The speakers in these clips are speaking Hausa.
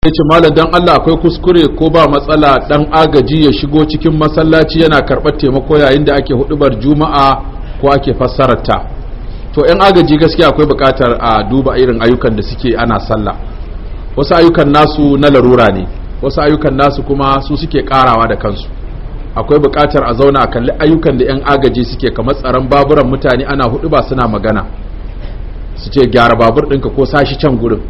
ya ce malam dan Allah akwai kuskure ko ba matsala dan agaji ya shigo cikin masallaci yana karɓar taimako yayin da ake hudubar juma'a ko ake fassararta to yan agaji gaskiya akwai buƙatar a duba irin ayyukan da suke ana sallah wasu ayyukan nasu na larura ne wasu ayyukan nasu kuma su suke karawa da kansu akwai buƙatar a zauna a kalli ayyukan da yan agaji suke kamar tsaron baburan mutane ana hudu ba suna magana su ce gyara babur ɗinka ko sashi can gurin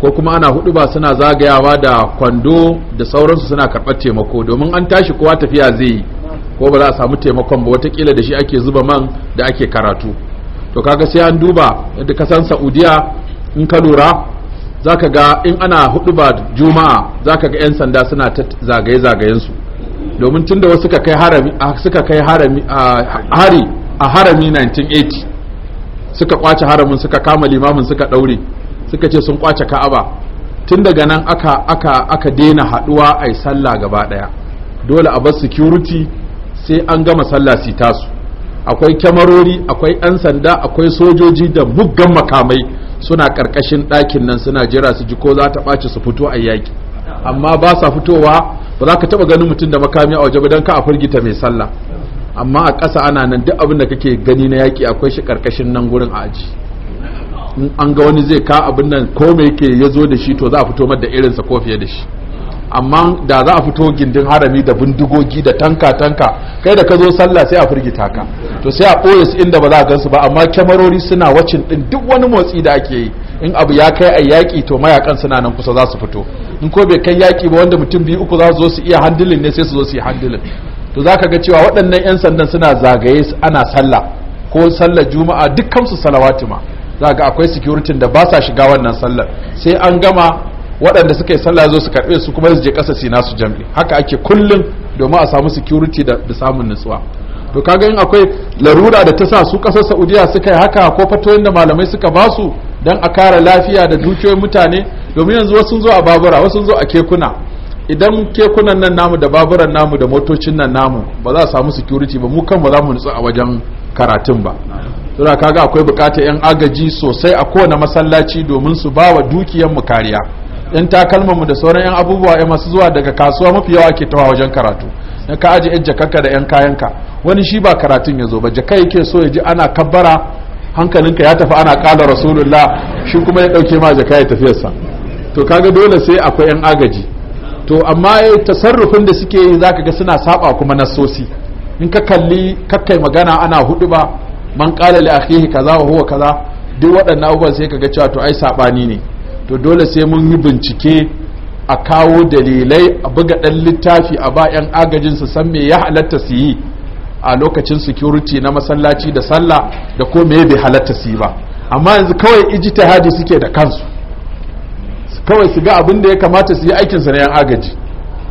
ko kuma ana hudu ba suna zagayawa da kwando da sauransu suna karɓar taimako domin an tashi kowa tafiya zai yi ko ba za a samu taimakon ba watakila da shi ake zuba man da ake karatu to kaga sai an duba yadda kasan saudiya in ka lura za ka ga in ana hudu ba juma'a za ka ga 'yan sanda suna ta zagaye-zagayensu domin tun da wasu suka kai harami hari a harami 1980 suka kwace haramin suka kama limamin suka ɗaure. suka ce sun kwace ka'aba tun daga nan aka aka aka daina haduwa ai sallah gaba daya dole a bar security sai an gama sallah si tasu akwai kyamarori akwai 'yan sanda akwai sojoji da muggan makamai suna karkashin ɗakin nan suna jira su ji ko za ta ɓace su fito a yaƙi amma ba sa fitowa ba za ka taɓa ganin mutum da makami a waje ba don ka a firgita mai sallah amma a ƙasa ana nan duk abin da kake gani na yaƙi akwai shi karkashin nan gurin a aji an ga wani zai ka abin nan ko me yake ya zo da shi to za a fito da irinsa ko fiye da shi amma da za a fito gindin harami da bindigogi da tanka tanka kai da ka zo sallah sai a firgita ka to sai a ɓoye su inda ba za a gansu ba amma kyamarori suna wacin din duk wani motsi da ake yi in abu ya kai a yaƙi to mayakan suna nan kusa za su fito in ko bai kai yaƙi ba wanda mutum biyu uku za su zo su iya handilin ne sai su zo su yi handilin to za ka ga cewa waɗannan 'yan sandan suna zagaye ana sallah ko sallar juma'a dukkan su salawatu ma za ga akwai security da ba sa shiga wannan sallar sai an gama waɗanda suka yi sallar zo su karɓe su kuma su je ƙasa sina su jam'i haka ake kullum domin a samu security da samun nutsuwa to kaga yin akwai larura da ta sa su ƙasar saudiya suka yi haka ko fatoyin da malamai suka ba su don a kare lafiya da dukiyoyin mutane domin yanzu wasu zo a babura wasu zo a kekuna idan kekunan nan namu da baburan namu da motocin nan namu ba za a samu security ba mu kan ba za mu nutsu a wajen karatun ba suna kaga akwai bukata 'yan agaji sosai a kowane masallaci domin su ba wa mu kariya 'yan mu da sauran 'yan abubuwa ya masu zuwa daga kasuwa mafi yawa ke tawa wajen karatu na ka aji 'yan jakanka da 'yan kayanka wani shi ba karatun ya zo ba jaka yake so ya ji ana kabbara hankalinka ya tafi ana kala rasulullah shi kuma ya dauke ma jaka ya tafiyarsa to kaga dole sai akwai 'yan agaji to amma tasarrufin da suke yi zaka ga suna saba kuma nasosi in ka kalli kakkai magana ana hudu ba man kala li akhihi kaza wa huwa kaza duk waɗannan abubuwan sai kaga cewa to ai sabani ne to dole sai mun yi bincike a kawo dalilai a buga ɗan littafi a ba 'yan agajin su san me ya halatta su yi a lokacin security na masallaci da sallah da ko me bai halatta su yi ba amma yanzu kawai ijtihadi suke da kansu kawai su ga abin da ya kamata su yi sa na 'yan agaji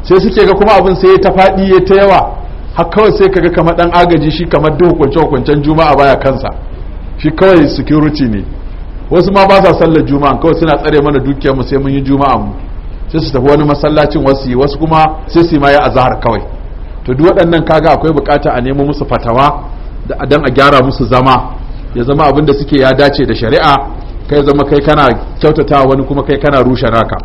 sai suke ga kuma abin sai ta faɗi ya ta yawa har kawai sai kaga kamar dan agaji shi kamar duk hukunce hukuncen juma'a baya kansa shi kawai security ne wasu ma ba sa sallar juma'a kawai suna tsare mana dukiyar mu sai mun yi juma'a mu sai su tafi wani masallacin wasu yi wasu kuma sai su ma ya azhar kawai to duk waɗannan kaga akwai bukata a nemo musu fatawa dan a gyara musu zama ya zama abin da suke ya dace da shari'a kai zama kai kana kyautata wani kuma kai kana rushe naka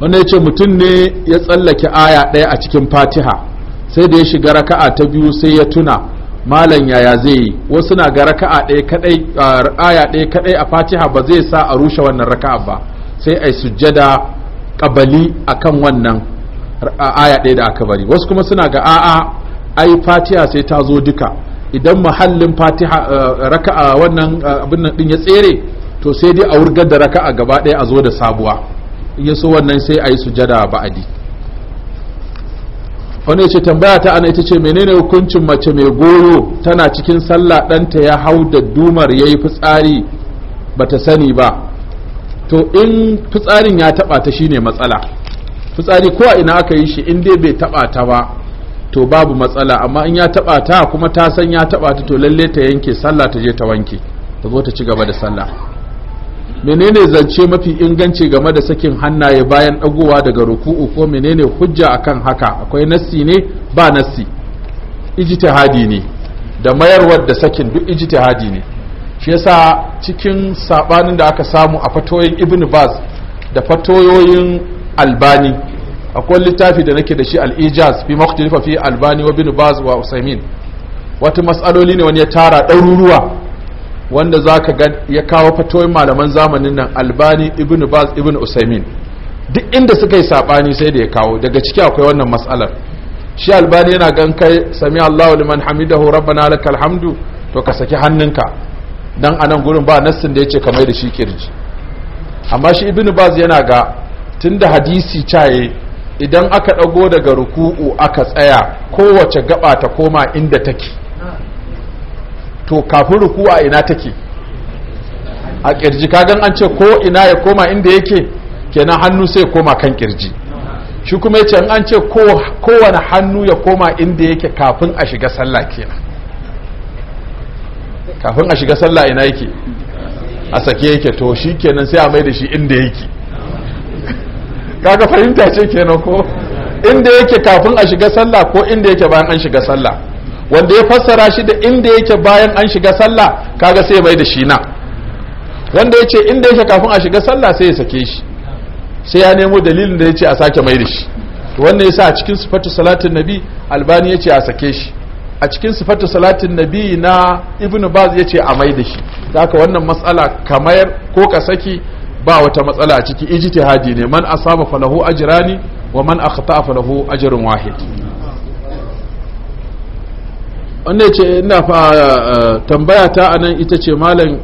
wannan ya ce mutum ne ya tsallake aya ɗaya a cikin fatiha sai da ya shiga raka'a ta biyu sai ya tuna malam yaya zai yi wasu na ga raka'a ɗaya kadai aya ɗaya kadai a fatiha ba zai sa a rushe wannan raka'a ba sai ai sujjada kabali akan wannan aya ɗaya da aka bari wasu kuma suna ga a'a ai fatiha sai ta zo duka idan muhallin fatiha raka'a wannan abin nan din ya tsere to sai dai a wurgar da raka'a gaba ɗaya a zo da sabuwa in yaso wannan sai ayi sujada ba'adi wani ya ce tambaya ta ana ita ce menene hukuncin mace mai goyo tana cikin sallah ɗanta ya hau da dumar ya yi fitsari ba ta sani ba to in fitsarin ya taɓa ta shine matsala fitsari ko ina aka yi shi in dai bai taɓa ta ba to babu matsala amma in ya taɓa ta kuma ta san ya taɓa ta to lalle ta yanke sallah ta je ta wanke ta zo ta ci gaba da sallah menene zance mafi inganci game da sakin hannaye bayan dagowa daga ruku'u ko menene hujja akan haka akwai nassi ne ba nassi ijtihadi ne da mayarwar da sakin duk ijtihadi ne shi yasa cikin sabanin da aka samu a fatoyin ibn baz da fatoyoyin albani akwai littafi da nake da shi al-ijaz fi maqtilifa fi albani wa ibn baz wa usaimin wata matsaloli ne wani ya tara ɗaruruwa wanda za ka ga ya kawo fatoyin malaman zamanin nan albani ibn baz ibn usaimin duk inda suka yi saɓani sai da ya kawo daga ciki akwai wannan matsalar shi albani yana gan kai sami allahu liman hamidahu rabbana lakal hamdu to ka saki hannunka dan anan gurin ba nassin da ya ce kamar da shi kirji amma shi ibn baz yana ga tunda hadisi caye idan aka ɗago daga ruku'u aka tsaya kowace gaba ta koma inda take to kafin a ina take a kirji kagan an ce ko ina ya koma inda yake kenan hannu sai ya koma kan kirji shi kuma yace an ce kowane hannu ya koma inda yake kafin a shiga sallah kenan kafin a shiga sallah ina yake a sake yake to shi kenan sai a mai da shi inda yake kaga fahimta ce kenan ko inda yake kafin a shiga sallah ko inda yake bayan an shiga sallah wanda ya fassara shi da inda yake bayan an shiga sallah kaga sai mai da shi na wanda yace inda yake kafin a shiga sallah sai ya sake shi sai ya nemo dalilin da yace a sake mai da shi to wannan yasa a cikin sifatu salatin nabi albani yace a sake shi a cikin sifatu salatin nabi na ibn baz yace a mai da shi haka wannan matsala kamar ko ka saki ba wata matsala a ciki ijtihadi ne man asaba falahu ajrani wa man akhta falahu ajrun wahid wanda ce ina fa eh, tambaya ta anan ita ce malam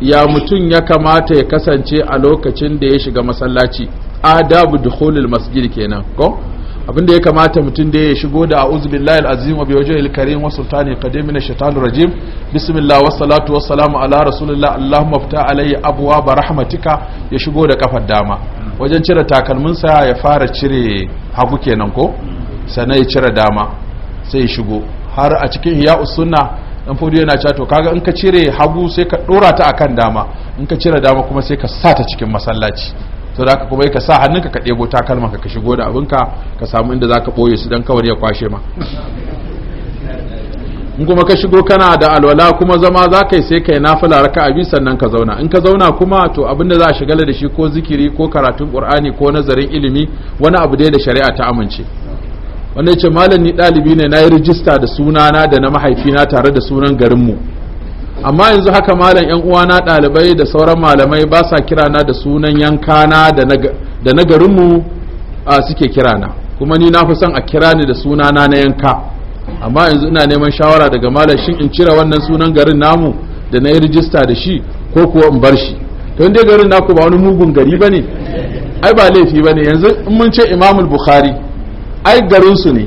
ya mutum ya kamata ya kasance a lokacin da ya shiga masallaci adabu dukhulul masjid kenan ko abinda ya kamata mutum da ya shigo da a'udhu billahi al-azim wa bi al karim wa sultani qadim min ash-shaytanir rajim bismillah was salatu was salamu ala rasulillah allahumma fta alayya abwaaba rahmatika ya shigo da kafar dama wajen cire takalmin sa ya fara cire hagu kenan ko sannan ya cire dama sai ya shigo har a cikin iya sunna dan fudu yana cewa to kaga in ka cire hagu sai ka dora ta akan dama in ka cire dama kuma sai ka sa ta cikin masallaci to da ka kuma ka sa hannunka ka ɗebo takalma ka shigo da abinka ka samu inda za ka ɓoye su don kawar ya kwashe ma in kuma ka shigo kana da alwala kuma zama za ka yi sai ka yi nafila raka abi sannan ka zauna in ka zauna kuma to abin da za a shigala da shi ko zikiri ko karatun ƙur'ani ko nazarin ilimi wani abu dai da shari'a ta amince wanda ya ce malam ni ɗalibi ne na yi rijista da sunana da na mahaifina tare da sunan garinmu amma yanzu haka malam yan uwana ɗalibai da sauran malamai ba sa kirana da sunan yankana da na garinmu suke kirana kuma ni na fi son a kira ni da sunana na yanka amma yanzu ina neman shawara daga malam shin in cire wannan sunan garin namu da na yi rijista da shi ko kuwa in bar shi to dai garin naku ba wani mugun gari ba ai ba laifi bane yanzu in mun ce imamul bukhari ai garinsu ne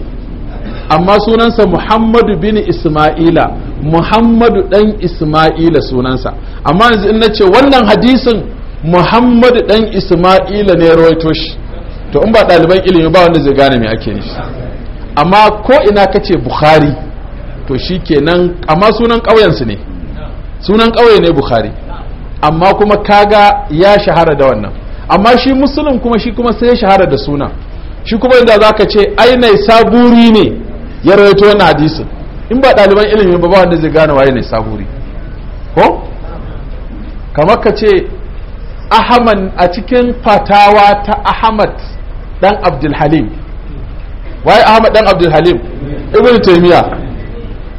amma sunansa muhammadu bin isma'ila muhammadu dan isma'ila sunansa amma yanzu in nace wannan hadisin muhammadu dan isma'ila ne rawaito shi to in ba ɗaliban ilimi ba wanda zai gane me ake nufi amma ko ina kace bukhari to shi kenan amma sunan ƙauyensu ne sunan ƙauye ne bukhari amma kuma kaga ya shahara da wannan amma shi musulun kuma shi kuma sai ya shahara da suna shi kuma inda za ka ce ai saburi ne ya rawaito wani hadisin in ba ɗaliban ilimi ba ba wanda zai gane waye mai saburi ko kamar ka ce ahmad a cikin fatawa ta ahmad dan abdulhalim waye ahmad dan abdulhalim ibn taymiya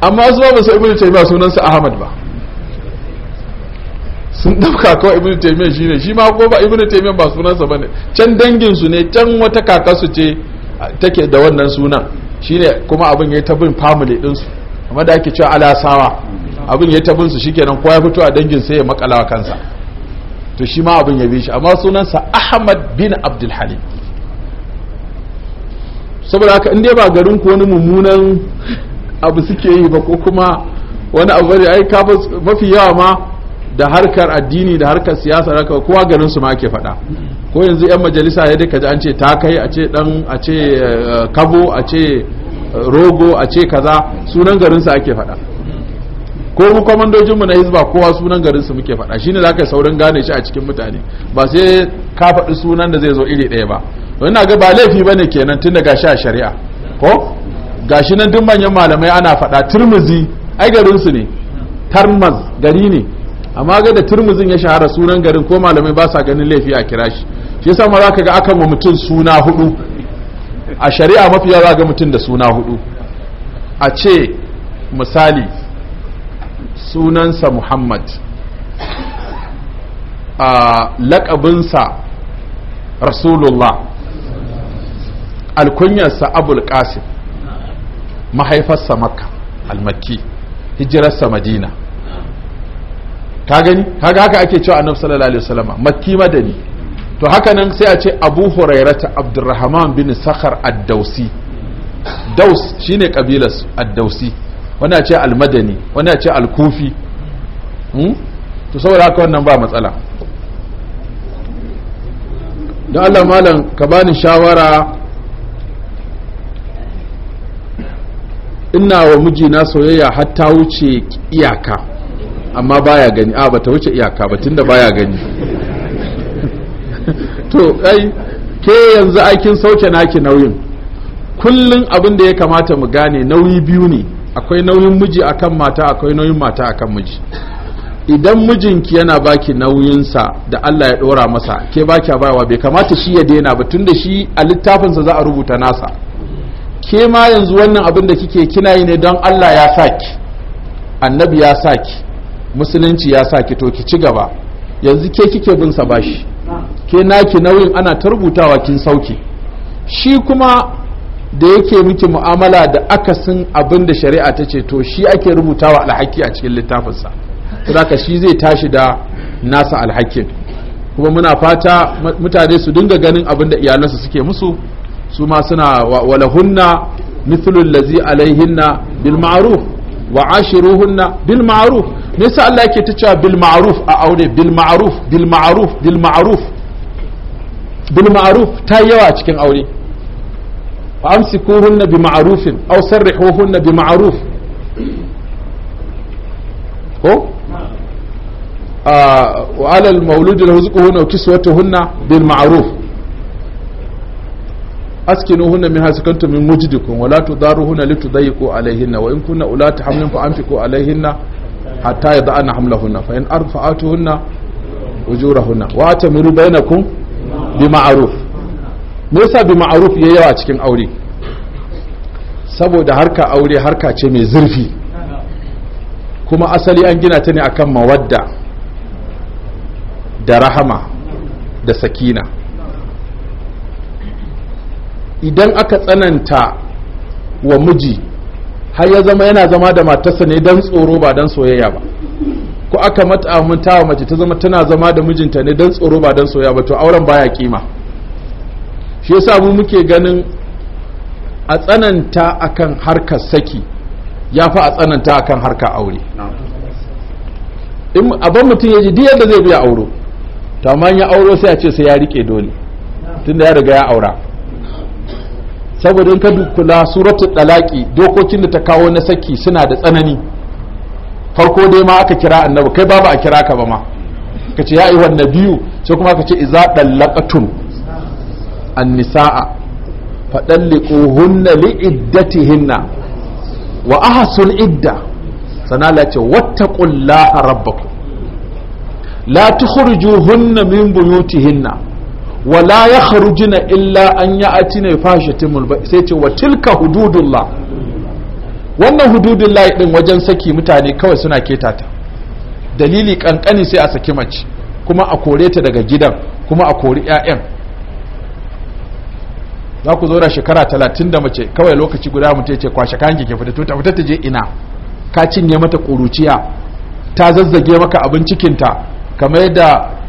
amma su ba su ibn taymiya sunansa ahmad ba sun dauka kawai ibnu taymiya shine shi ma ko ba ibnu taymiya ba sunansa bane can dangin su ne can wata kaka su ce take da wannan sunan shine kuma abin yayi ta bin family din su amma da ake cewa alasawa abin yayi ta bin su shikenan ko ya fito a dangin sai ya makalawa kansa to shi ma abin ya bi shi amma sunansa Ahmad bin Abdul Halim saboda haka in dai ba garin ku wani mummunan abu suke yi ba ko kuma wani abu ne ai kafa mafi yawa ma da harkar addini da harkar siyasa da kowa ganin su ma ake faɗa ko yanzu yan majalisa ya dai ji an ce ta kai a ce dan a ce eh, kabo a ce eh, rogo a ce kaza sunan garin sa ake faɗa ko mu komandojin mu na hizba kowa sunan garin su muke faɗa shine zaka saurin gane shi a cikin mutane ba sai ka faɗi sunan da zai zo iri ɗaya ba to ina ga ba laifi bane kenan tun daga shi a shari'a ko gashi nan duk manyan malamai ana faɗa turmizi ai garin su ne tarmaz gari ne amma ga da turmuzin ya shahara sunan garin ko malamai ba sa ganin laifi a kira shi shi yasa za ka ga akan wa mutum suna hudu a shari'a mafi yawa ga mutum da suna hudu a ce misali sunansa muhammad a lakabinsa rasulullah alkunyarsa abul qasim mahaifarsa makka almakki hijirarsa madina ka gani haka haka ake cewa annabi sallallahu alaihi wasallam makki madani to haka nan sai a ce abu ta abdurrahman bin sakhar ad-dausi daus shine kabilar ad-dausi wani ce al-madani wani ce al-kufi hmm? to saboda haka wannan ba matsala don Allah malam ka bani shawara ina wa mijina soyayya har ta wuce iyaka amma baya gani a bata wuce iyaka ba tunda baya gani to ai ke yanzu aikin sauke naki nauyin kullun abin da ya kamata mu gane nauyi biyu ne akwai nauyin miji akan mata akwai nauyin mata akan miji idan mijinki yana baki nauyinsa da Allah ya dora masa ke baki bayawa bai kamata shi ya daina ba tunda shi a littafinsa za a rubuta nasa ke ma yanzu wannan abin da kike kina yi ne don Allah ya saki annabi ya saki musulunci ya sa ki to ki ci gaba yanzu ke kike bin sa bashi ke naki nauyin ana ta tarbutawa kin sauki shi kuma da yake miki mu'amala da akasin abin da shari'a ta ce to shi ake rubutawa alhaki a cikin littafinsa saboda shi zai tashi da nasa alhakin kuma muna fata mutane su dinga ganin abin da iyalansu suke musu su ma suna walahunna mithlul lazi alaihinna bil ma'ruf wa ashiruhunna bil ma'ruf me yasa Allah yake ta cewa bil ma'ruf a aure bil ma'ruf bil ma'ruf bil ma'ruf bil ma'ruf ta yawa cikin aure wa amsikuhunna bi ma'rufin aw sarrihuhunna bi ma'ruf ko ah, wa alal mawludi lahu rizquhunna wa kiswatuhunna bil ma'ruf hunna min hasikantum min mujdikum wala tudaruhunna litudayiqu alayhinna wa in kunna ulati hamlin fa anfiqu alayhinna hatta yad'ana hamlahunna fa in arfa'atuhunna ujurahunna wa atamiru bainakum bi ma'ruf me yasa bi ma'ruf yayi yawa cikin aure saboda harka aure harka ce mai zurfi kuma asali an gina ta ne akan mawadda da rahama da sakina idan aka tsananta wa miji har ya zama yana zama da matarsa ne don tsoro ba don soyayya ba ko aka mata wa mace ta zama tana zama da mijinta ne don tsoro ba don soyayya ba to auren baya kima shi yasa mu muke ganin a tsananta akan harkar saki ya fi a tsananta akan harka aure in abin mutum ya ji diyar da zai biya auro to amma ya auro sai a ce sai ya rike dole tunda ya riga ya aura saboda in ka kula suratul talaqi dokokin da ta kawo na saki suna da tsanani farko dai ma aka kira annabi kai babu a kira ka ba ma ka ce ya yi wannan biyu sai kuma ka ce iza dallaqatum annisa'a fadalliquhunna li'iddatihinna wa ahsul idda sana la ce wattaqullaha rabbakum la tukhrijuhunna min buyutihinna wala ya na illa an ya ati ne fashatin sai ce wa tilka la. wannan hududullah ɗin wajen saki mutane kawai suna ketata dalili kankani sai a saki mace kuma a kore ta daga gidan kuma a kori 'ya'yan za ku zora shekara talatin da mace kawai lokaci guda mutu ce kwashe kayan ke fita ta fita ta je ina ka cinye mata ƙuruciya ta zazzage maka abin cikinta kamar yadda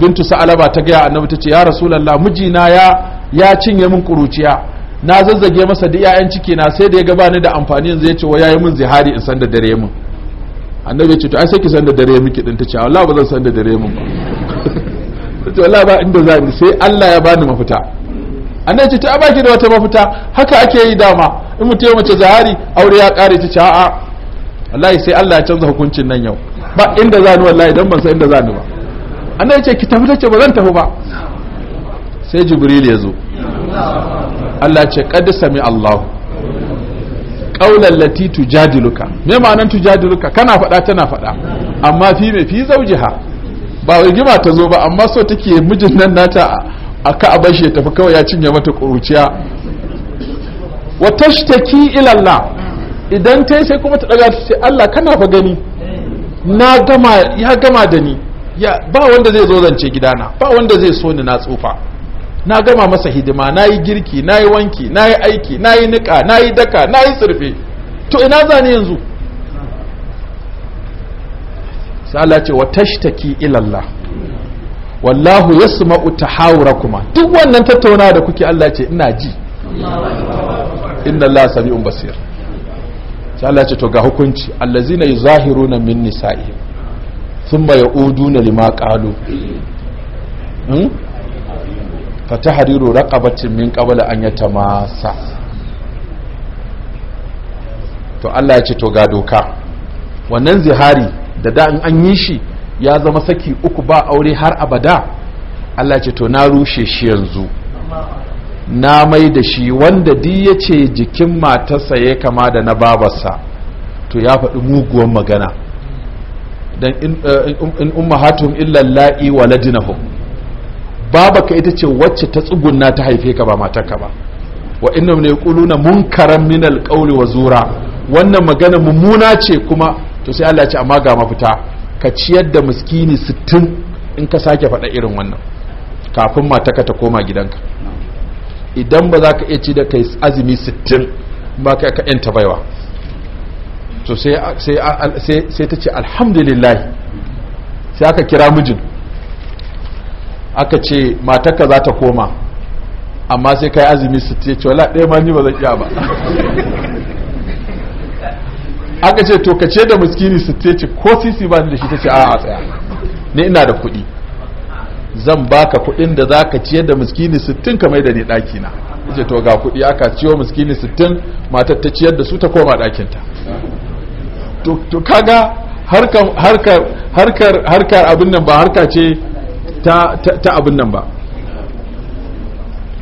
bintu sa'alaba ta gaya annabi ta ce ya rasulallah mijina ya ya cinye min kuruciya na zazzage masa da iyayen ciki na sai da ya gabani da amfani yanzu ya ce wa yayi min zihari in san da dare min annabi ya ce to ai sai ki san da dare miki din ta ce wallahi ba zan san da dare min ba to wallahi ba inda za ni sai Allah ya bani mafita annabi ce a baki da wata mafita haka ake yi dama in mutum ya mace zahari aure ya kare ta ce a'a wallahi sai Allah ya canza hukuncin nan yau ba inda za ni wallahi dan ban san inda za ni ba annabi ce ki tafi take ba zan tafi ba sai jibril ya zo Allah ce qad sami Allah qaulan lati tujadiluka me ma'anan tujadiluka kana faɗa tana faɗa amma fi me fi zaujiha ba gima ta zo ba amma so take mijin nan nata a ka a bashi ya tafi kawai ya cinye mata kuruciya wa tashtaki ila Allah idan ta sai kuma ta daga ta ce Allah kana fa gani na gama ya gama da ni ya ba wanda zai zo zance gidana ba wanda zai so ni na tsufa na gama masa hidima na yi girki na yi wanki na yi aiki na yi niƙa na yi daka na yi surfe to ina zane yanzu sa'ala ce wa tashtaki ilallah wallahu ya yasma'u haura kuma duk wannan tattauna da kuke Allah ce ina ji inna Allah sami'un basir ce to ga hukunci allazina yuzahiruna min nisa'ihim sun mai لما lima ƙalu fata hariru raƙabacin min ƙabala an masa to allah ya ce to ga doka wannan zihari da da in an yi shi ya zama saki uku ba aure har abada allah ya ce to na rushe shi yanzu na mai da shi wanda di ya ce jikin matarsa ya kama da na babarsa to ya faɗi muguwan magana dan eh, um, in ummahatum illa la'i waladinahum babaka ita ce wacce ta tsugunna ta haife ka ba matarka ba wa innam ne yaquluna munkaran min alqawli wa zura wannan magana mummuna ce kuma to sai Allah ya ce amma ga mafita ka ciyar da miskini 60 in ka sake faɗa irin wannan kafin matarka ta koma gidanka idan ba za ka iya ci da kai azumi 60 ba ka ka yanta baiwa to sai ta ce alhamdulillah sai aka kira mijin aka ce matarka za ta koma amma sai kai azumi su ce ce wala ɗaya ma ni ba zan iya ba aka ce to ka da muskini su ce ce ko sisi ba ni da shi ta ce a a tsaya ni ina da kuɗi zan baka kuɗin da za ka ciyar da muskini sittin ka mai da ni ɗakina ce to ga kuɗi aka ciwo muskini sittin matar ta ciyar da su ta koma ɗakinta to kaga harkar harkar abin nan ba harka ce ta abin nan ba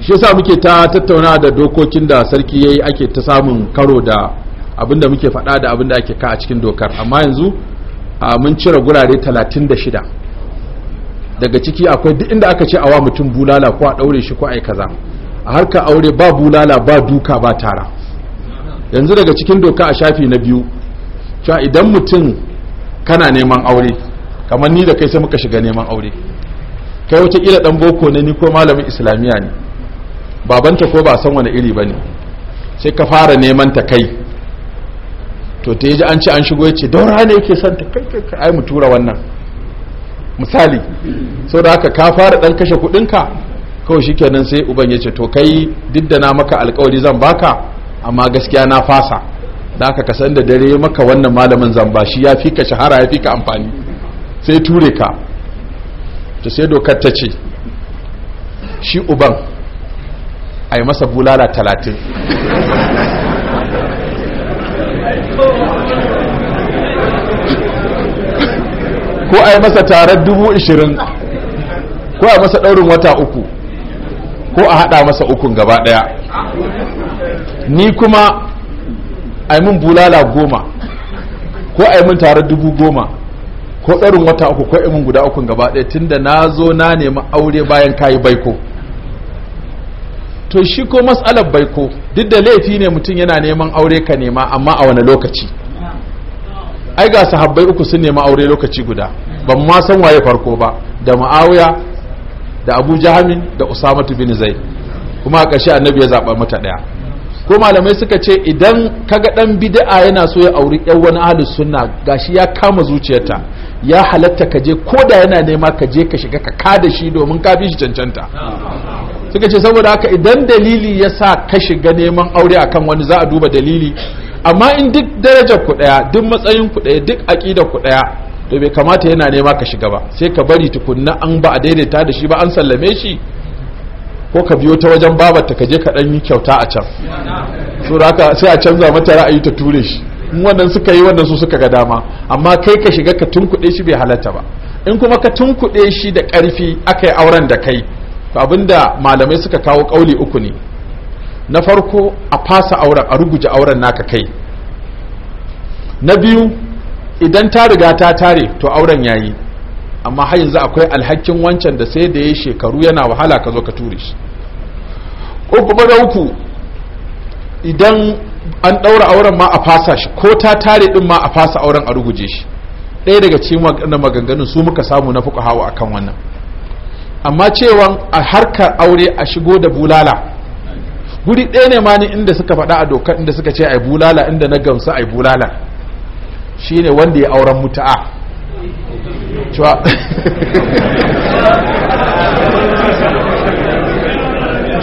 shi sa muke ta tattauna da dokokin da sarki ya yi ake ta samun karo da abin da muke faɗa da abin da ake ka a cikin dokar amma yanzu mun cire gurare 36 daga ciki akwai duk inda aka ce awa mutum bulala ko a ɗaure shi ko a yi kaza a harka aure ba bulala ba duka ba tara yanzu daga cikin doka a shafi na biyu cewa idan mutum kana neman aure kamar ni da kai sai muka shiga neman aure kai wata kila dan boko ne ni ko malamin islamiya ne babanta ko ba san wani iri bane sai ka fara neman ta kai to ta ji an ci an shigo ya ce daura ne yake son ta kai kai ai mu tura wannan misali sau da haka ka fara dan kashe kudinka kawai shi kenan sai uban ya ce to kai duk na maka alkawari zan baka amma gaskiya na fasa da ka kasan da dare maka wannan malamin zamba shi ya fi ka shahara ya fi ka amfani sai ture ka to sai dokar ta ce shi uban a yi masa bulala talatin ko a yi masa tarar dubu ishirin ko a masa ɗaurin wata uku ko a haɗa masa ukun gaba ɗaya ni kuma ai mun bulala goma ko ai tare dubu goma ko tsarin wata uku ko aimin guda ukun gaba ɗaya tunda na zo na nemi aure bayan kayi baiko to shi ko matsalar baiko duk da laifi ne mutum yana neman aure ka nema amma a wani lokaci ai ga sahabbai uku sun nemi aure lokaci guda ban ma san waye farko ba da ma'awiya da abu jahamin da usamatu bin zai kuma a ƙarshe annabi ya zaɓa mata ɗaya ko malamai suka ce idan kaga dan bid'a yana so ya auri yan wani ahli sunna gashi ya kama zuciyarta ya halatta ka je ko da yana nema ka je ka shiga ka kada shi domin ka fi shi cancanta suka ce saboda haka idan dalili ya sa ka shiga neman aure akan wani za a duba dalili amma in duk darajar ku daya duk matsayin ku daya duk aqidar ku daya to bai kamata yana nema ka shiga ba sai ka bari tukunna an ba a daidaita da shi ba an sallame shi ko ka biyo ta wajen babarta ta kaje ka ɗan yi kyauta a can so haka sai a canza mata ra'ayi ta ture shi in wannan suka yi wannan su suka ga dama amma kai ka shiga ka tunkuɗe shi bai halatta ba in kuma ka tunkuɗe shi da ƙarfi aka yi auren da kai to abinda malamai suka kawo ƙauli uku ne na farko a fasa auren a ruguje auren naka kai na biyu idan ta riga ta tare to auren yayi amma har yanzu akwai alhakin wancan da sai da ya shekaru yana wahala ka zo ka ture shi ko kuma da uku idan an ɗaura auren ma a fasa shi ko ta tare din ma a fasa auren a ruguje shi ɗaya daga cikin maganganun su muka samu na fuka hawa akan wannan amma cewan a harkar aure a shigo da bulala guri ɗaya ne ma ni inda suka faɗa a dokar inda suka ce ai bulala inda na gamsu ai bulala shine wanda ya auren mutu'a gaisuwa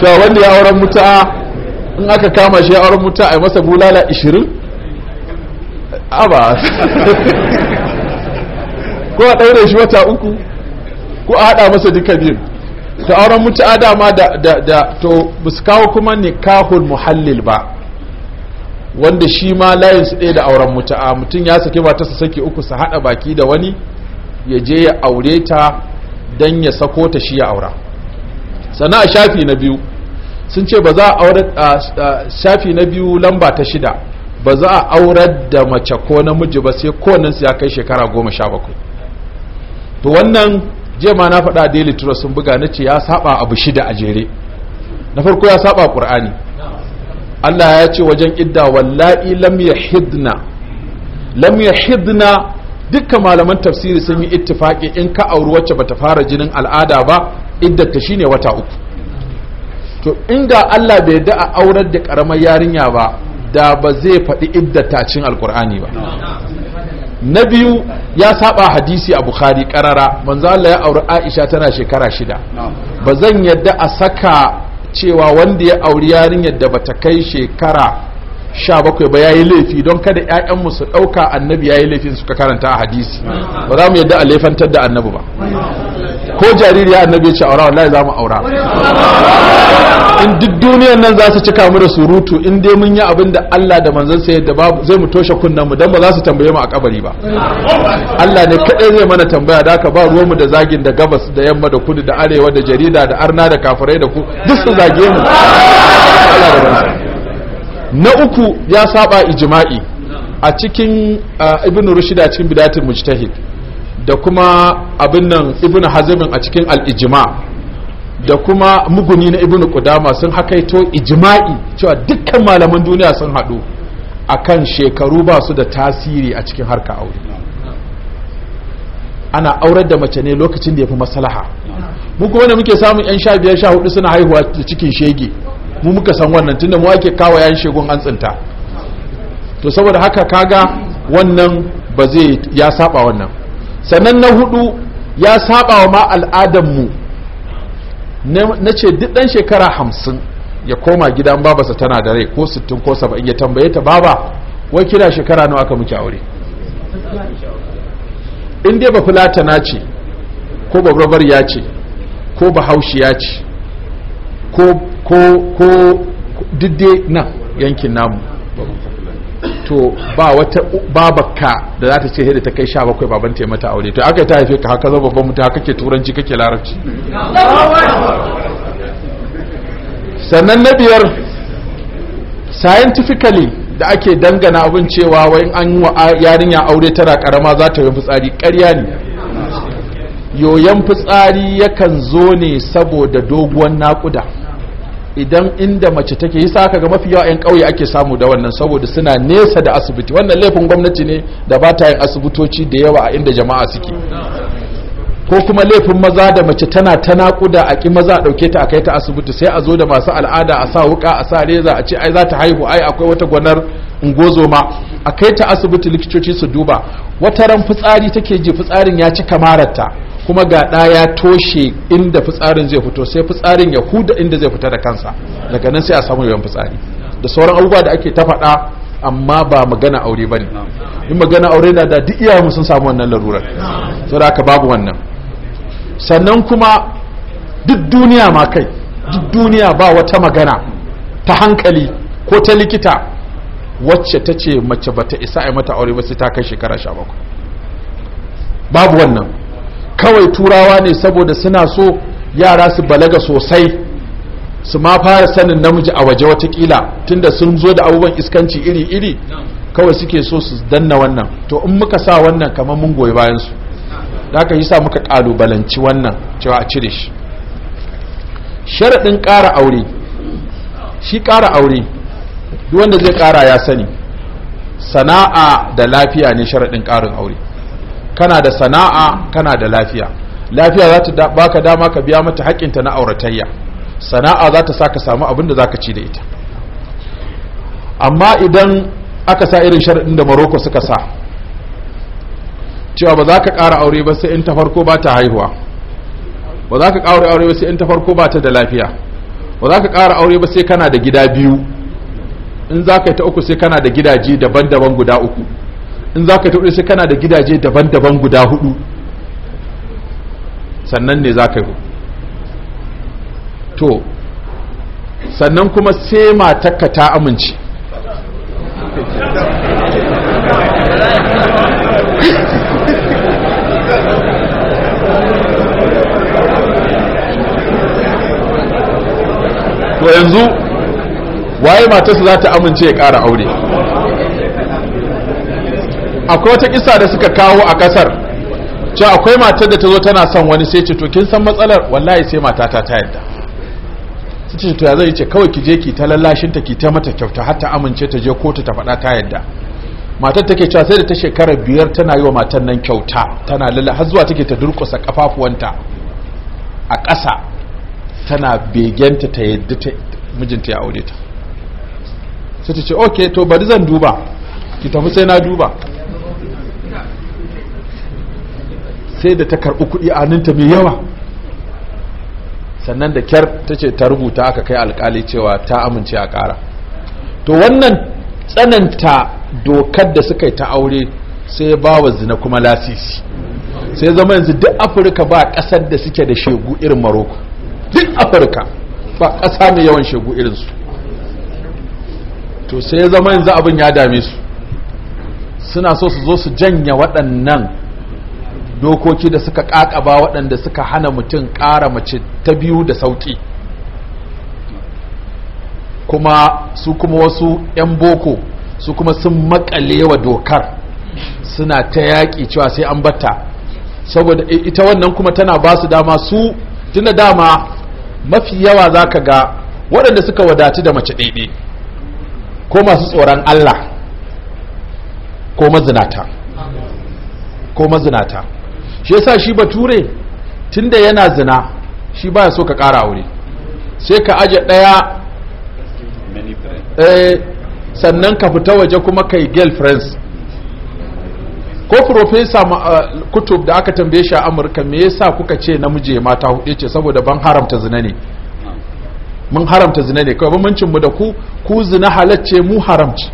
to wanda ya auren muta in aka kama shi ya auren muta a yi masa bulala 20 aba ko a ɗaure shi wata uku ko a haɗa masa duka biyun ta auren mutu'a dama da da da to su kawo kuma nikahul muhallil ba wanda shi ma layin su ɗaya da auren mutu'a mutum ya sake su saki uku su haɗa baki da wani ya je ya aure ta don ya sako ta shi ya aura sana shafi na biyu sun ce ba za a aure shafi na biyu lamba ta shida ba za a aurar da mace ko namiji ba sai kowannen ya kai shekara goma sha bakwai to wannan je na faɗa daily trust sun buga na ce ya saba abu shida a jere na farko ya saba ƙur'ani Allah ya ce wajen idda wallahi lam yahidna lam yahidna dukkan malaman tafsiri sun yi ittifaki in ka auri wacce bata fara jinin al'ada ba ta shine wata uku to inda Allah bai da a aurar da karamar yarinya ba da ba zai faɗi ta cin alkur'ani ba na biyu ya saba hadisi a bukhari karara manzo Allah ya auri Aisha tana shekara shida ba zan yadda a saka cewa wanda ya auri yarinyar da bata kai shekara sha bakwai ba ya yi laifi don kada 'ya'yanmu su ɗauka annabi ya yi laifin suka karanta a hadisi ba za mu yadda a laifantar da annabi ba ko jariri ya annabi ya ce aura wallahi za mu aura in duk duniyan nan za su cika mu da surutu in dai mun yi abin da Allah da manzon sa yadda babu zai mu toshe kunnen mu dan ba za su tambaye mu a kabari ba Allah ne kadai zai mana tambaya da ba ruwan mu da zagin da gabas da yamma da kudu da arewa da jarida da arna da kafirai da ku duk su zage mu Allah da na uku ya saba ijima'i a cikin uh, ibn rushida cikin Bidatin mujtahid da kuma abin nan ibn hazimin a cikin al-ijma da kuma muguni na ibn qudama sun hakaito ijma'i cewa dukkan malaman duniya sun haɗu akan shekaru ba su da tasiri a cikin harka aure ana aurar da mace ne lokacin da ya fi maslaha mu kuma muke samun yan sha biyar sha hudu suna haihuwa da cikin shege mu muka san wannan tunda mu ake kawo yayin shegun an tsinta to saboda haka kaga wannan ba zai ya saba wannan sanan na hudu ya saba wa ma al'adanmu na ce duk ɗan shekara hamsin ya koma gidan babasa tana da rai ko sittin ko saba'in ya tambaye ta baba wai kina shekara nawa aka muke aure in dai ba fulata na ce ko ba ya ce ko bahaushiya ya ce ko ko ko didde na yankin namu to ba wata babakka da za ta ce da ta kai sha bakwai baban ta mata aure to aka ta haife ka haka zo babban mutum haka ke turanci kake larabci sannan na biyar scientifically da ake dangana abin cewa wai an yi wa yarinya aure tana karama za ta yi fitsari karya ne yoyon fitsari yakan zo ne saboda doguwan naƙuda idan inda mace take yi saka ga mafi yawa 'yan ƙauye ake samu da wannan saboda suna nesa da asibiti wannan laifin gwamnati ne da ba ta yin asibitoci da yawa a inda jama'a suke ko kuma laifin maza da mace tana ta naƙuda a ƙi maza ɗauke ta a kai ta asibiti sai a zo da masu al'ada a sa wuƙa a sa reza a ce ai za ta haihu ai akwai wata gwanar ungozoma a kai ta asibiti likitoci su duba wata ran fitsari take ji fitsarin ya ci ta kuma ga ɗa ya toshe inda fitsarin zai fito sai fitsarin ya huda inda zai fita da kansa daga nan sai a samu yawan fitsari da sauran abubuwa da ake ta faɗa amma ba magana aure ba ne in magana aure na da duk iyayenmu sun samu wannan larurar sau da aka babu wannan sannan kuma duk duniya ma kai duk duniya ba wata magana ta hankali ko ta likita wacce ta ce mace ba ta isa a mata aure ba sai ta kai shekara sha babu wannan kawai turawa ne saboda suna so yara su balaga sosai su ma fara sanin namiji a waje watakila tunda sun zo da abubuwan iskanci iri-iri kawai suke so su danna wannan to in muka sa wannan kamar mun goyi bayan su da aka yi sa muka kalubalanci wannan cewa a cire shi sharaɗin ƙara aure shi ƙara aure duk wanda zai ƙara ya sani sana'a da lafiya ne sharaɗin ƙarin aure kana da sana'a kana da lafiya lafiya za ta baka dama ka biya mata hakinta na auratayya sana'a za ta sa ka samu abin da za ka ci da ita amma idan aka sa irin sharaɗin da maroko suka sa cewa ba za ka ƙara aure ba sai in ta farko ba ta haihuwa ba za ka ƙara aure ba sai in ta farko ba ta da lafiya ba za ka ƙara aure ba sai kana da gida biyu in za ka yi ta uku sai kana da gidaje daban-daban guda uku in za ka taɓa sai kana da gidaje daban-daban guda hudu sannan ne za ka yi to sannan kuma sai matakka ta amince to yanzu waye matarsa za ta amince ya ƙara aure akwai wata kisa da suka kawo a kasar ce akwai matar da ta zo tana son wani sai ce to kin san matsalar wallahi sai matata ta yadda su ce to ya zai ce kawai ki je ki ta lallashin ta ki ta mata kyauta har ta amince ta je kotu ta faɗa ta yadda matar take cewa sai da ta shekara biyar tana yi wa matar nan kyauta tana lalla har zuwa take ta durƙusa kafafuwanta a ƙasa tana begenta ta yadda mijinta ya aure ta sai ta ce okay to bari zan duba ki tafi sai na duba sai da ta karɓi kuɗi a hannunta mai yawa sannan da kyar ta ce ta rubuta aka kai alkali cewa ta amince a ƙara to wannan tsananta dokar da suka yi ta aure sai ba wa zina kuma lasisi sai zama yanzu duk afirka ba ƙasar da suke da shegu irin maroko duk afirka ba ƙasa mai yawan shegu irinsu to sai zama yanzu abin ya dame su suna so su zo su janya waɗannan dokoki da suka kakaba waɗanda suka hana mutum ƙara mace ta biyu da sauƙi kuma su kuma wasu 'yan boko su kuma sun wa dokar suna ta yaƙi cewa sai an batta saboda ita wannan kuma tana ba su dama su tuna dama mafi yawa za ka ga waɗanda suka wadatu da mace ɗaiɗe ko masu tsoron Allah ko mazinata shi yasa shi bature tunda yana zina shi baya so ka kara aure sai ka aje daya eh sannan ka fita waje kuma kai girlfriends ko uh, kutub da aka tambaye shi a amurka me yasa kuka ce namiji mata hudu ce saboda ban haramta zina ne mun haramta zina ne kawai bambancin mu da ku ku zina halacce mu haramci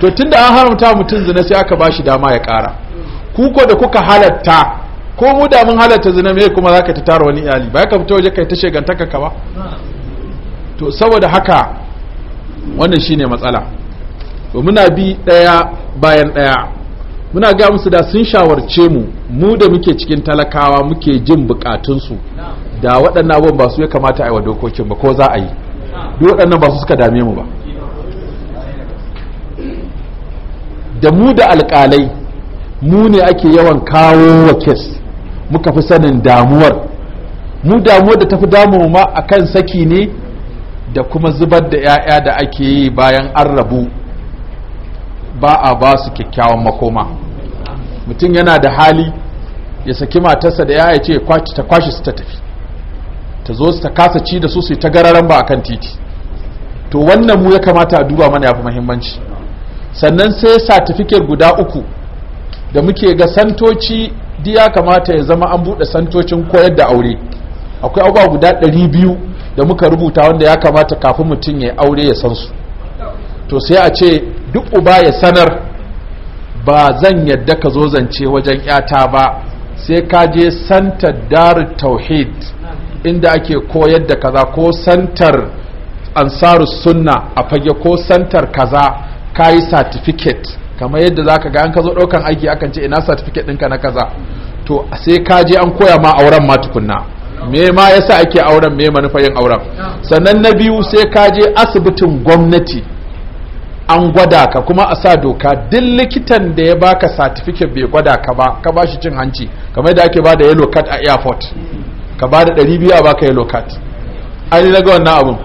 to tunda an haramta mutum zina sai aka bashi dama ya kara kuko da kuka halatta ko mu da mun halatta zina me kuma zaka ta tara wani iyali ba ka fito waje kai ta shegantaka ka ba to saboda haka wannan shine matsala to muna bi daya bayan daya muna ga musu da sun shawarce mu mu da muke cikin talakawa muke jin bukatun su da waɗannan abun ba su ya kamata a yi wa dokokin ba ko za a yi duk waɗannan ba su suka dame mu ba da mu da alƙalai mu ne ake yawan kawo wa kes muka fi sanin damuwar mu damuwar da tafi damu ma akan saki ne da kuma zubar da 'ya'ya da ake yi bayan an rabu ba a ba su kyakkyawan makoma mutum yana da hali ya saki matarsa da 'ya'ya ce ta kwashe su ta tafi ta zo su ta kasa ci da su su ta gararan ba akan titi to wannan mu ya kamata a duba mana ya fi muhimmanci sannan sai satifikar guda uku da muke ga santoci diya kamata ya zama an buɗe santocin koyar da aure akwai abubuwa guda ɗari biyu da muka rubuta wanda ya kamata kafin mutum ya aure ya san su to sai a ce duk uba ya sanar ba zan yadda ka zo zance wajen yata ba sai ka je santar dar tauhid inda ake koyar da kaza ko santar ansarus sunna a fage ko santar kaza ka yi certificate kamar yadda za ka ga an ka zo ɗaukan aiki akan ce ina certificate ɗinka na kaza to sai ka je an koya ma auren ma tukunna me ma yasa ake auren me manufa yin auren sannan na biyu sai ka je asibitin gwamnati an gwada ka kuma a sa doka duk likitan da ya baka certificate bai gwada ka ba ka bashi cin hanci kamar yadda ake bada yellow card a airport ka bada 200 a baka yellow card an yi na ga wannan abun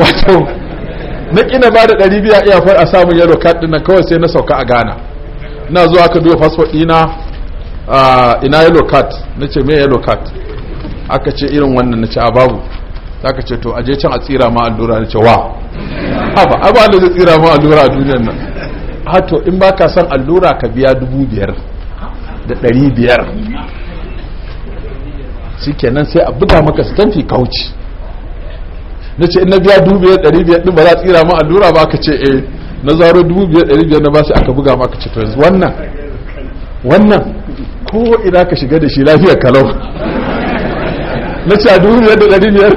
wato na kina ba da ɗari biya iya fara a samun yellow card ɗin nan kawai sai na sauka a ghana na zuwa ka duba fasfot ɗina ina yellow card na ce me yellow card aka ce irin wannan na ce a babu za ka ce to aje can a tsira ma allura na ce wa haba abu wanda zai tsira ma allura a duniyar nan hato in ba ka san allura ka biya dubu biyar da ɗari biyar shikenan sai a buga maka stamfi ka wuce na ce in na biya dubu biyar ɗari biyar ɗin ba za a tsira ma allura ba ka ce eh na zaro dubu biyar ɗari biyar na ba shi aka buga maka ce to yanzu wannan wannan ko ina ka shiga da shi lafiyar kalau na ce a dubu biyar da ɗari biyar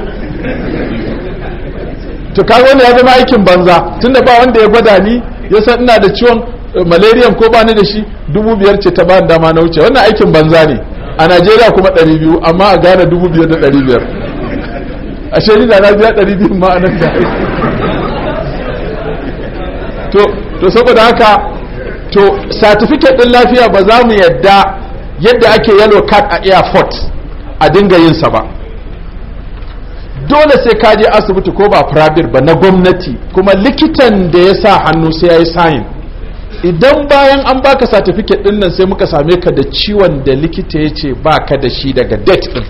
to ka wani ya zama aikin banza tun da ba wanda ya gwada ni ya san ina da ciwon eh, malaria ko ba ni da shi dubu biyar ce ta ba dama na wuce wannan aikin banza ne a najeriya kuma ɗari biyu amma a gane dubu biyar da ɗari biyar a ni da na biya ɗari biyu ma a nan da to saboda haka to certificate ɗin lafiya ba za mu yadda yadda ake yellow card a airport a dinga yin sa ba dole sai ka je asibiti ko ba private ba na gwamnati kuma likitan da ya sa hannu sai ya yi sign idan bayan an baka certificate din nan sai muka same ka da ciwon da likita ya ce ba ka da shi daga date ɗin.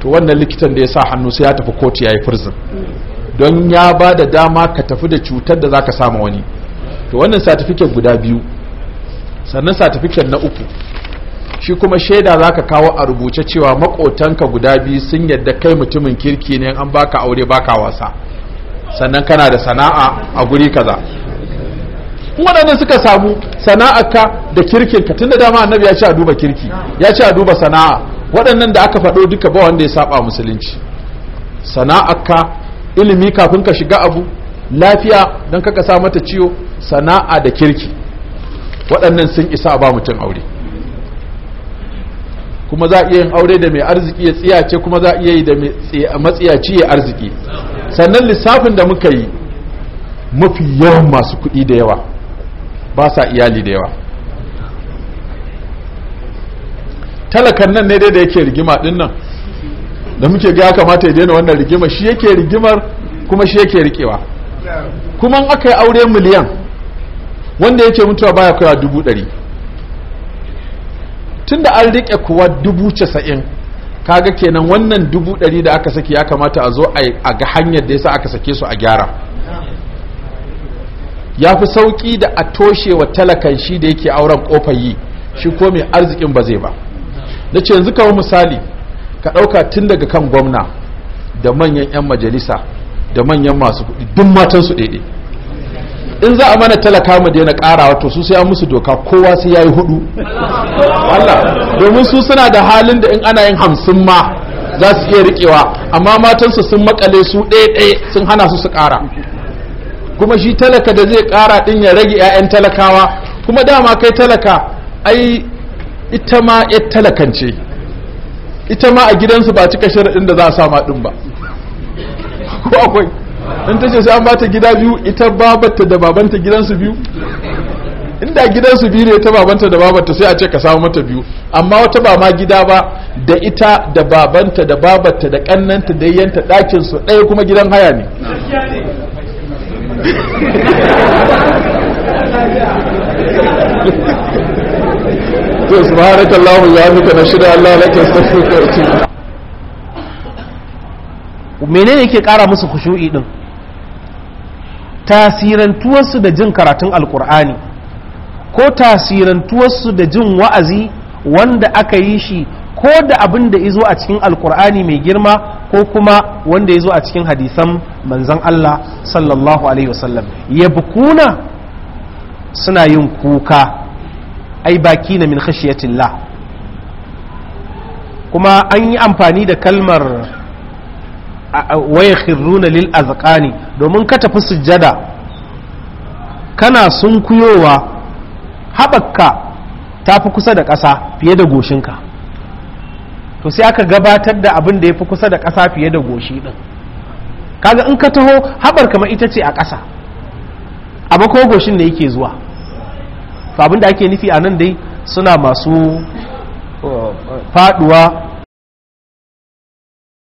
to wannan likitan da ya sa hannu sai ya tafi kotu ya yi firzin don ya ba da dama ka tafi da cutar da za ka sama wani to wannan satifiket guda biyu sannan satifiket na uku shi kuma shaida za ka kawo a rubuce cewa makotanka guda biyu sun yadda kai mutumin kirki ne an baka aure baka wasa sannan kana da sana'a a guri kaza waɗannan suka samu sana'a ka da kirkinka tun da dama annabi ya ci a duba kirki ya ci a duba sana'a waɗannan da aka faɗo duka ba wanda ya saba musulunci sana'arka ilimi kafin ka shiga abu lafiya don kaka sa mata ciwo sana'a da kirki waɗannan sun isa ba mutum aure kuma za a iya yin aure da mai arziki ya tsiyace kuma za a iya yi da matsiyaci ya arziki sannan lissafin da muka yi mafi yawan masu kuɗi da yawa ba sa iyali da yawa talakan nan ne dai da yake rigima din nan da muke ga ya kamata ya daina wannan rigima shi yake rigimar kuma shi yake rikewa kuma an aka yi aure miliyan wanda yake mutuwa baya kaiwa dubu ɗari tunda an rike kuwa dubu casa'in kaga kenan wannan dubu ɗari da aka saki ya kamata a zo a ga hanyar da yasa aka sake su a gyara ya fi sauƙi da a toshe wa talakan shi da yake auren kofar yi shi ko mai arzikin ba zai ba na ce yanzu kawo misali ka ɗauka tun daga kan gwamna da manyan 'yan majalisa da manyan masu kuɗi duk matansu ɗaiɗe in za a mana talaka mu daina ƙara wato su sai an musu doka kowa sai yi hudu Allah domin su suna da halin da in ana yin hamsin ma za su iya riƙewa amma matansu sun makale su ɗaiɗe sun hana su su ƙara kuma shi talaka da zai ƙara ɗin ya rage 'ya'yan talakawa kuma dama kai talaka ai ita ma ya talakance ita ma a gidansu ba cika sharaɗin da za a sama ɗin ba ko akwai in ta ce sai an bata gida biyu ita babanta da babanta gidansu biyu inda gidansu biyu ne ta babanta da babanta sai a ce ka samu mata biyu amma wata ba ma gida ba da ita da babanta da babanta da ƙannanta da yanta ɗakin su ɗaya kuma gidan haya ne to subhanakallahu wa bihamdika nashhadu an la ilaha illa menene yake kara musu khushu'i din tasirantuwarsu da jin karatun alkur'ani ko tasirantuwarsu da jin wa'azi wanda aka yi shi ko da abin da izo a cikin alkur'ani mai girma ko kuma wanda izo a cikin hadisan manzan Allah sallallahu alaihi wasallam yabkuna suna yin kuka ai baki na min la kuma an yi amfani da kalmar waya khirruna lil azqani domin ka tafi sujjada kana sunkuyowa haɓakka ta fi kusa da ƙasa fiye da goshinka to sai aka gabatar da abin da ya fi kusa da ƙasa fiye da goshi ɗin kaga in ka taho haɓar kama ita ce a ƙasa amma ko goshin da yake zuwa abinda ake nufi a nan dai suna masu uh, faduwa